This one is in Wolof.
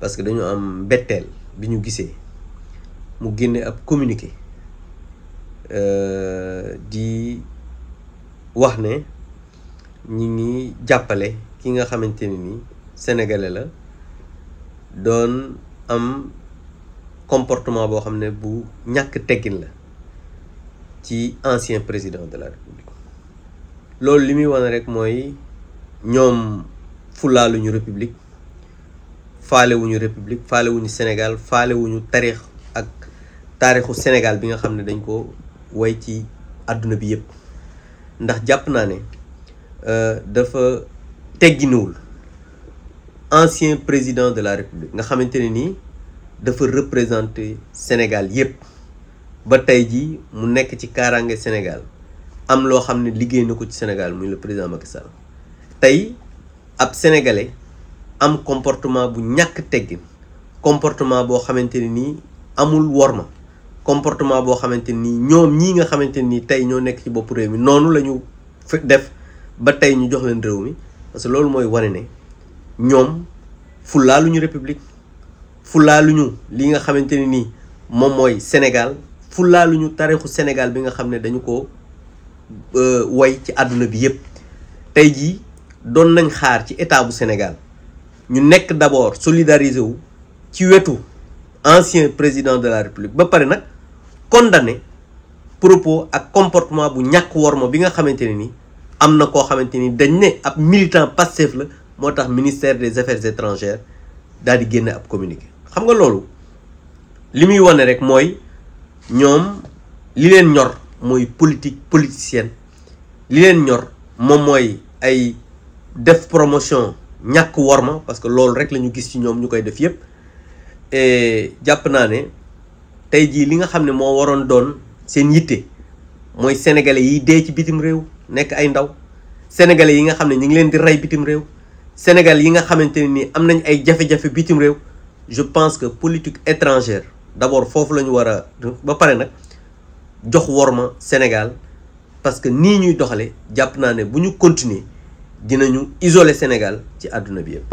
parce que dañu am bettel biñu gissé mu guéné ab communiqué euh, di wax né ñi ngi jappalé ki nga xamante ni sénégalais la don am comportement bo xamné bu ñak teggin la ci ancien président de la république loolu nyom wone rek moy ñom république faale wuñu république faale wuñu Sénégal faale wuñu tarix ak taarixu Sénégal bi nga xam ne dañ ko way ci àdduna bi yëpp ndax jàpp naa ne euh, dafa tegginuwul ancien président de la république nga xamante ne nii dafa représenté Sénégal yëpp ba tey jii mu nekk ci kaaraange Sénégal am loo xam ne liggéey na ko ci Sénégal muy le président Macky Sall tey ab sénégalais. am comportement bu ñàkk teggin comportement boo xamante ne nii amul worma comportement boo xamante ni ñoom ñii nga xamante nii tey ñoo nekk ci bopp réew mi noonu la ñu def ba tey ñu jox leen réew mi parce que loolu mooy wane ne ñoom fulaalu ñu république fulaalu ñu li nga xamante ne nii moom mooy Sénégal fulaalu ñu tarixu Sénégal bi nga xam ne dañu ko euh, woy ci àdduna bi yépp tey jii doon nañ xaar ci état bu Sénégal Nous sommes d'abord solidarisés ci ancien président de la république Nous condamné propos à comportement bu ñak wormo bi nga ni amna ko militant ministère des affaires étrangères qui di génné ab communiqué xam nga lolu limuy rek nous politique politicienne ñak worma parce que lool rek la ñu gis ci ñom ñukay def yépp et japp naa tay ji li nga xamné mo waron doon seen yitte moy sénégalais yi dé ci bitim réew nek ay ndaw sénégalais yi nga xamné ñi ngi leen di ray bitim réew Sénégal yi nga xamante ni am nañ ay jafé jafé bitim réew je pense que politique étrangère d'abord fofu lañu wara ba paré nak jox worma Sénégal parce que ni ñuy doxalé japp naa ne bu ñu continuer dinañu isole Sénégal ci àdduna bi yëpp